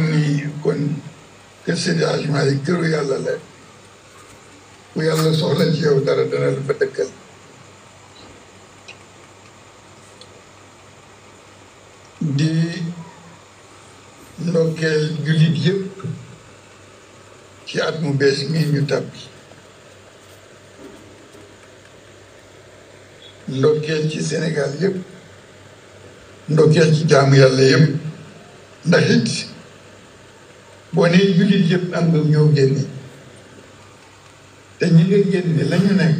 xam ni kon kër Seydi Hadji Malick këru yàlla la ku yàlla soxla ci yow dara dana la fa dëkkal di ndokkeel jullit yëpp ci at mu bees mii tàbbi ndokkeel ci Sénégal yëpp ndokkeel ci jaamu yàlla yëpp ndax boo nee jullit yëpp am nga ñoo génne te ñi nga génne la ñu nekk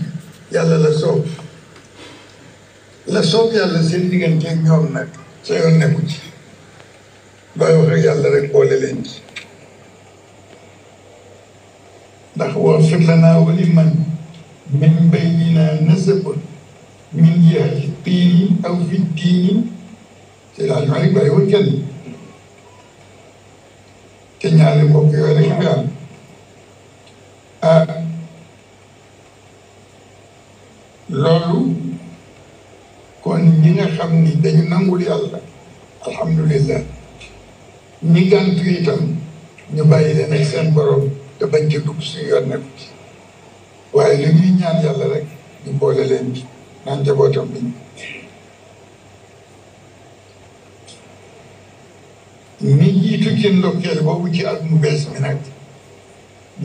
yàlla la soob la soob yàlla seen diggante ak ñoom nag sa yoon nekku ci booy yàlla rek boole leen ci ndax waghfir lanaa wa liman min baynina nasabun min jihati diini aw fi diini si laaj ma rek bàyyiwul kenn te ñaari mbokk yooyu rek la am ah loolu kon ñi nga xam ni dañu nangul yàlla alhamdulillah ñi gàntu itam ñu bàyyi leen ak seen borom te bañ ci dugg suñu yoon waaye li ñuy ñaan yàlla rek ñu boole leen ci naan jabootam bi ñi jiitu ci ndokkeel boobu ci at mu bees mi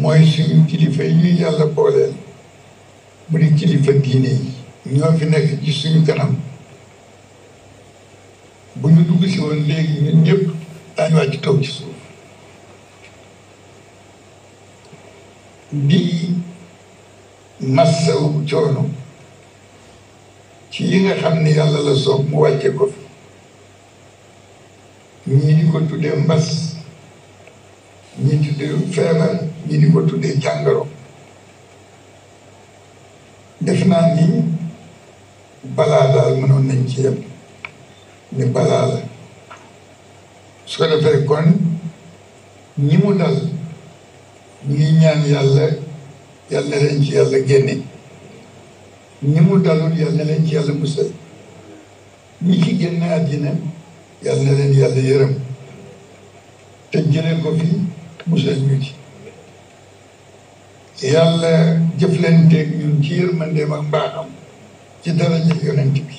mooy suñu kilifa yi yàlla boole mu di kilifa diine ñoo fi nekk ci suñu kanam bu ñu dugg si woon léegi ñun ñëpp daañu wàcc taw ci suuf di massawu coono ci yi nga xam ni yàlla la soog mu wàcce ko ñii di ko tuddee mbas ñii di tuddee feebar ñii di ko tuddee jàngoro def naa ni balaa daal mënoon nañ ci yem ni balaa la su ko defee kon ñi mu dal ñi ñaan yàlla yàlla leen ci yàlla génne ñi mu dalul yàlla leen ci yàlla musal ñi ci génne àddina yàlla na leen yàlla yërëm te jëlee ko fi musal ñu ci yàlla jëflanteeg ñun ci yërmandeem ak mbaaxam ci daraja yonent bi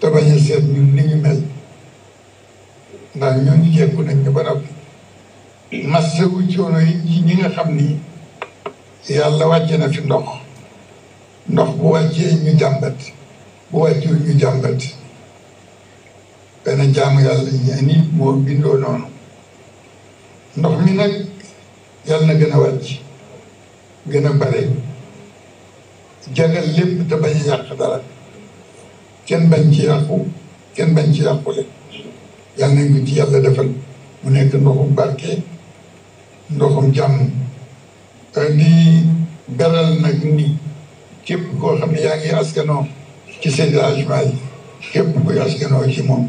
te bañ a seet ñun ni ñu mel ndax ñooñu jekku nañ ñu ba noppi massawu coono yi ci ñi nga xam ni yàlla wàcce na fi ndox ndox bu wàccee ñu jàmbat bu wàccul ñu jàmbat benn jaamu yàlla ñeeni moo bindoo noonu ndox mi nag yàlla na gën a wàcc gën a bare jagal lépp te bañ a yàq dara kenn bañ ci yàqu kenn bañ ci yàqule yàlla nañ ko ci yàlla defal mu nekk ndoxum barke ndoxum jàmm di beral nag ni képp koo xam ne yaa ngi askanoo ci seen arrangement yi képp kuy ci moom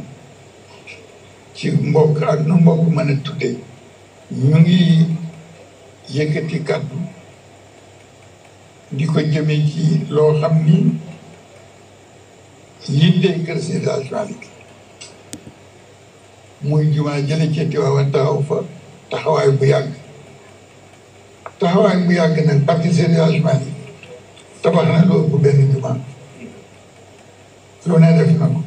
ci mbokk ak nu mbokk mën a tuddee ñu ngi yëkkati kàddu di ko jëme ci loo xam ni yittee kër Seydi El Hadji Malick muy jumaa jële ci Tiwaawan taxaw fa taxawaay bu yàgg taxawaay bu yàgg nag parce que Seydi tabax na loolu bu benn jumaa lu ne def na ko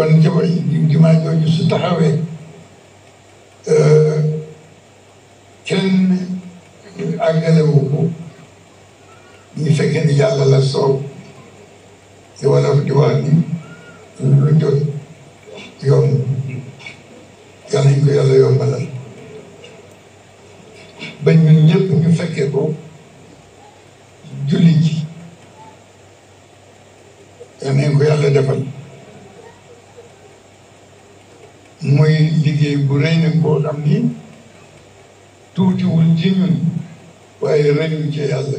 kon jamono jumaa jooju su taxawee euh, kenn àggalewu ko ñu fekkee ni yàlla la soob li ni lu jot yomb yal nañ ko yàlla yombalal ba ñun ñëpp ñu fekkee ko julli ji yal nañ yàlla defal liggéey bu rëy nag boo xam ni tuutiwul ci ñun waaye rëyu ci yàlla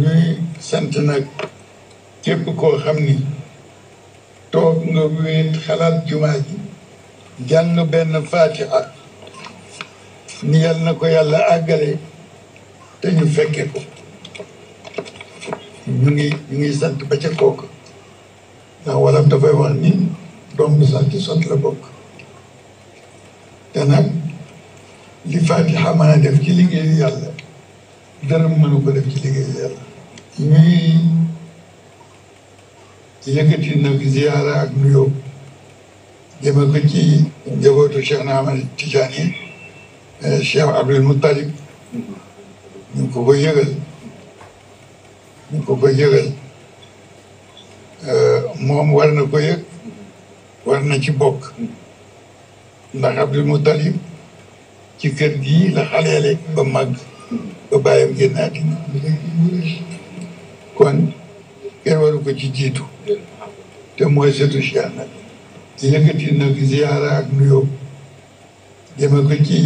ñuy sant nag képp koo xam ni toog nga wéet xalaat jumaa ji jàng benn faatiha ni yal na ko yàlla àggale te ñu fekke ko ñu ngi ñu ngi sant ba ca kooku ndax wala dafay wax ni doom bu sant sant la bokk te li Fatiha mën def ci liggéeyu yàlla dara mënu ko def ci liggéeyu yàlla ñuy yëkkati nag ziyaara ak nuyoo jëme ko ci njabootu Cheikh na Ahmad Tidiane eh, Cheikh Abdul Muttalib ñu ko koy yëgal ñu ko koy yëgal eh, moom war na ko yëg war na ci bokk ndax Abdul Muttalib ci kër gii la xaleele ba màgg ba bàyyam génn àddina kon kenn waru ko ci jiitu te mooy setu Cheikh nag yëkkati nag ziyaara ak nuyoo jëme ko ci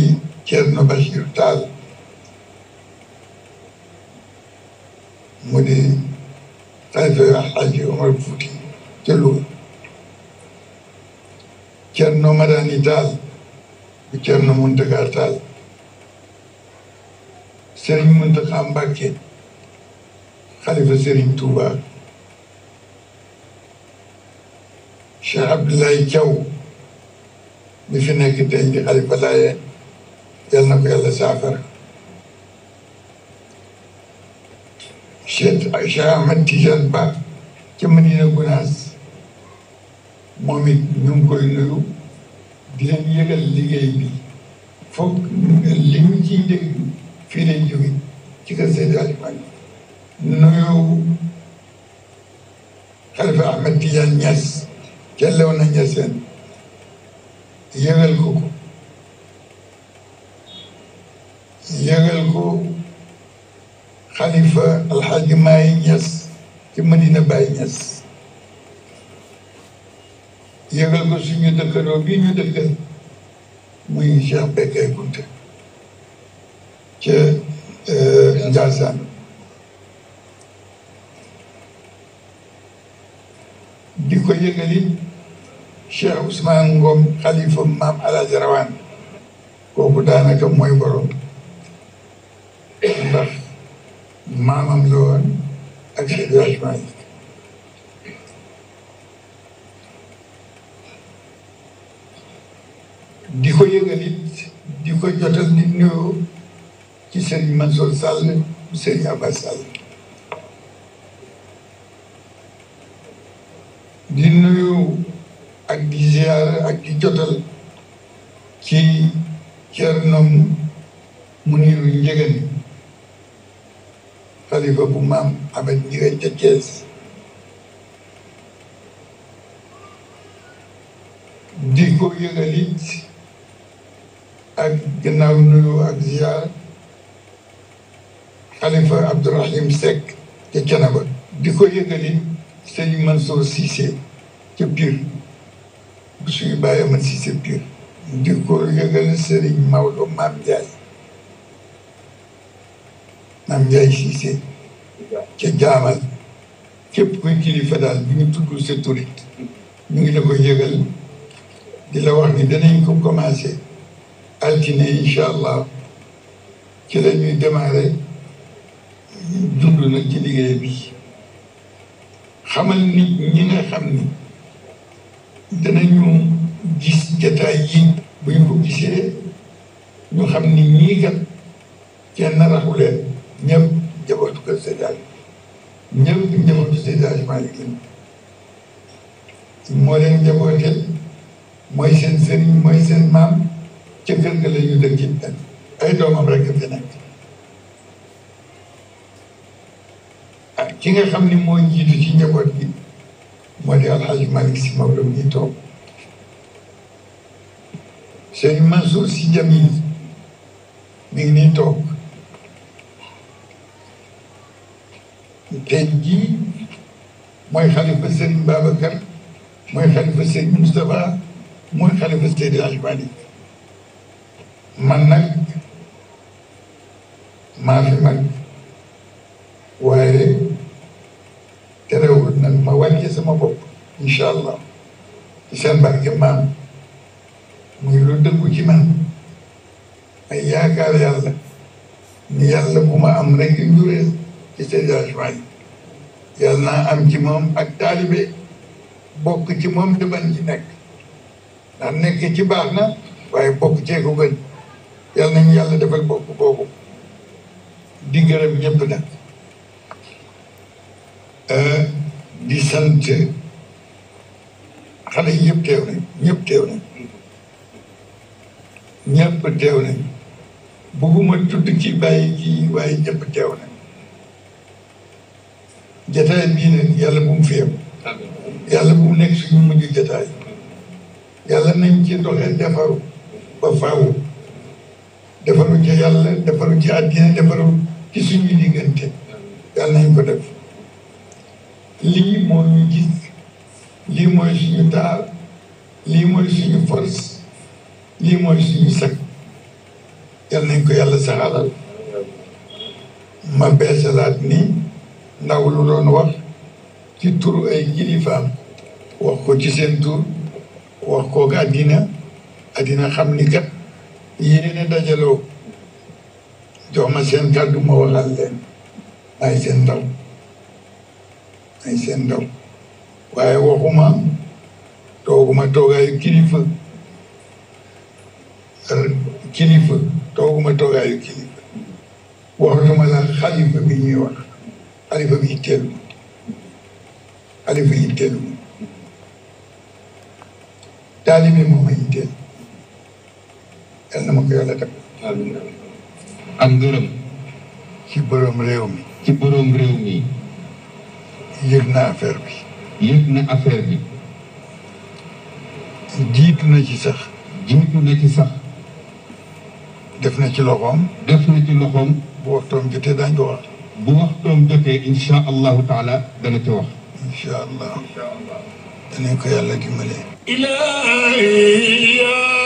Thierno Bachir Tall mu di xalifa Alaaji Omar Fuuti ca Cerno Madani Taal bu Cerno Muntaga Taal Serigne Muntaxa Mbàkke xalifa Serigne Touba Cheikh Abdoulaye Thiaw mi fi nekk tey di xalifa Laayeen yal na ko yàlla saafara Cheikh Ahmad Tijaan Ba ca Madina Gunaas moom it ñu ngi koy nuyu di leen liggéey bi foog li ñu ciy dégg fii lañ jóge ci kër Seydi Aliou Mané nuyu Xalifa Ahmed Tidiane Niass ca Léona Niassène yëgal ko ko yëgal ko Xalifa Alhaji Maye Niass ci Medina Baye Niass yëgal ko suñu dëkkandoo bi ñu dëkka muy Cheikh Bécaye Kounta ca Ndiassane di ko yëgali Cheikh Ousmane Ngom xalifa maam Alaaji Rawaan kooku daanaka mooy borom ndax maamam la woon ak Cheikh Ousmane di ko yëgal it di ko jotal nit nuyoo ci Serigne Mansour Sall Serigne Abbas di nuyu ak di ziar ak di jotal ci cernoom mu niru njëgën xalifa bu maam Ahmed Ndiaye ca Thiès di ak ginnaaw nuyu ak ziar xalifa Abdourahim Seck ca Canaba di ko yëgali sëñ Mansour Cissé ca Pire bu suñu bàyyi man Cissé Pire di ko yëgali sëriñ Maodo Maam Ndiaye Maam Ndiaye Cissé ca jaamal képp kuy kilifa daal bi ñu tudd sa turit ñu ngi la ko yëgal di la wax ni danañ ko commencé altine incha allah ci la ñuy démarrer jublu nag ci liggéey bi xamal nit ñi nga xam ni danañu gis jataay yi bu ñu ko gisee ñu xam ni ñii kat kenn raxu leen ñëpp jabootu kër Seydaaj ñëpp jabootu Seydaaj Maalik moo leen jabooteel mooy seen sëriñ mooy seen maam ca kër ga la ñu dëkk ci ay doomam rek fi nekk ki nga xam ni moo jiitu ci njaboot gi moo di alxaaji Malick si Maodo mi toog Serigne Mansour si Jamil mi ngi nii toog tey jii mooy xalifa Serigne Babacar mooy xalifa Serigne Moustapha mooy xalifa Serigne Alioune. man nag maa fi mag waaye terewul nag ma wàccee sama bopp incha allah ci barke maam muy lu dëggu ci man ay yaakaar yàlla ni yàlla bu ma am rek njureel ci seen jugement yi yàlla naa am ci moom ak taalibe bokk ci moom dëban ci nekk ndax nekk ci baax na waaye bokk ceeku gën yàlla nañu yàlla defal bopp boobu di gërëm ñëpp nag euh, di sant xale yi yëpp teew nañ ñëpp teew nañ ñëpp teew nañ bugguma tudd bàyyi ji waaye ñëpp teew nañ jataay bii nag yàlla bu mu fiyam yàlla bu mu nekk suñu mujj jataay yàlla nañ ci doxee defaru ba faawu defaru ci yàlla defaru ci àddina defaru ci suñu diggante yàlla nañ ko def lii mooy suñu taal lii mooy suñu force lii mooy suñu sag yàlla nañ ko yàlla saxalal ma beesalaat ni ndaw lu loon wax ci tur ay kilifaam wax ko ci seen tur wax ko àddina àddina xam ni kat yéen ne dajaloo jox ma seen kàddu ma waxal leen ay seen ndaw ay seen waaye waxuma tooguma toogaayu kilifa kilifa tooguma toogaayu kilifa waxatuma la xalifa bi ñuy wax xalifa bi teelu xalifa yi teelu taalibe yal na ma ko yàlla def. amiin am ci borom réew mi. ci borom réew mi. yëg na affaire bi. yëg na affaire bi. jiitu na ci sax. jiitu na ci sax. def na ci loxoom. def na ci loxoom. bu waxtoom jotee daañu ko wax. bu waxtoom jotee incha allahu taala dana ci wax. incha allah. incha allah. ko yàlla dimbalee. ilaahi.